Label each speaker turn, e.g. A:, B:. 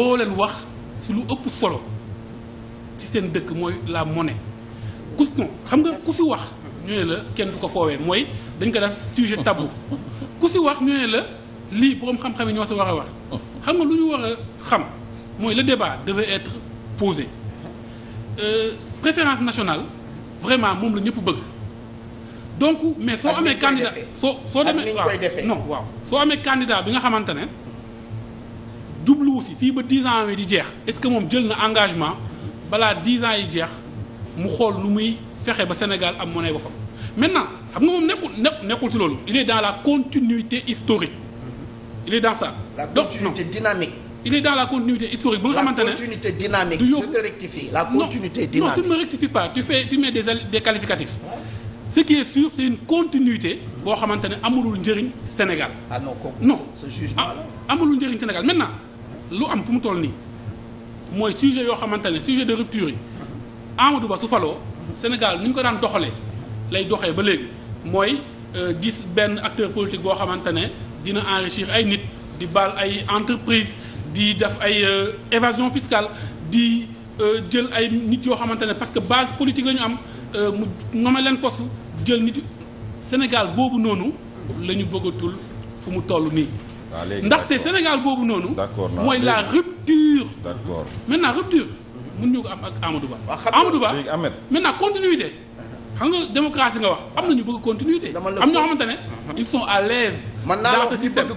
A: boo leen wax si lu ëpp solo ci seen dëkk mooy la mone ku xam nga ku si wax ñu ne la kenn du ko foowee mooy dañ ko def sujet tabou ku si wax ñu ne la lii boroom xam-xam yi ñoo si war a wax xam nga lu ñu war xam mooy le débat devait être posé euh, préférence nationale vraiment moom la ñëpp bëgg donc mais soo amee candidat soo soo demee waaw non waaw soo amee candidat bi nga xamante ne jubluwu si fii ba dix ans wi di jeex est-ce que moom jël na engagement balaa dix ans yi jeex mu xool lu muy fexe ba Sénégal am monnaie boppam maintenant xam nga moom nekkul nekkul si loolu il est dans la continuité historique il est dans ça. la continuité donc, dynamique. il est dans la continuité historique ba nga xamante ne la continuité dynamique je te rectifie. la continuité dynamique non non tu ne rectifies pas tu fais tu mets des des qualificatifs. ce qui est sûr c'est une continuité boo xamante ne amulul njëriñ Sénégal. ah non kooku non ce jugement là ah, amulul njëriñ Sénégal maintenant. lu am fu mu toll nii mooy sujet yoo xamante ne sujet de rupture yi Amadou Ba su faloo Sénégal ni ñu ko daan doxalee lay doxee ba léegi mooy euh, gis benn acteur politique boo xamante ne dina enrichir ay nit di baal ay entreprise di def ay euh, évasion fiscale di euh, jël ay nit yoo xamante ne parce que base politique la am mu nommé leen poste jël nit Sénégal boobu noonu la ñu bëggatul fu mu toll nii
B: Ah, ndaxte Sénégal boobu noonu. d'accord mooy la
A: rupture. d'accord maintenant rupture. mën ñu ko am ak Amadou Ba. Ah, Amadou Ba maintenant continuité. xam nga démocratie nga wax am na ñu bëgg continuité. am ñoo xamante ne. Mhm. ils sont à
B: l'aise dans ce système.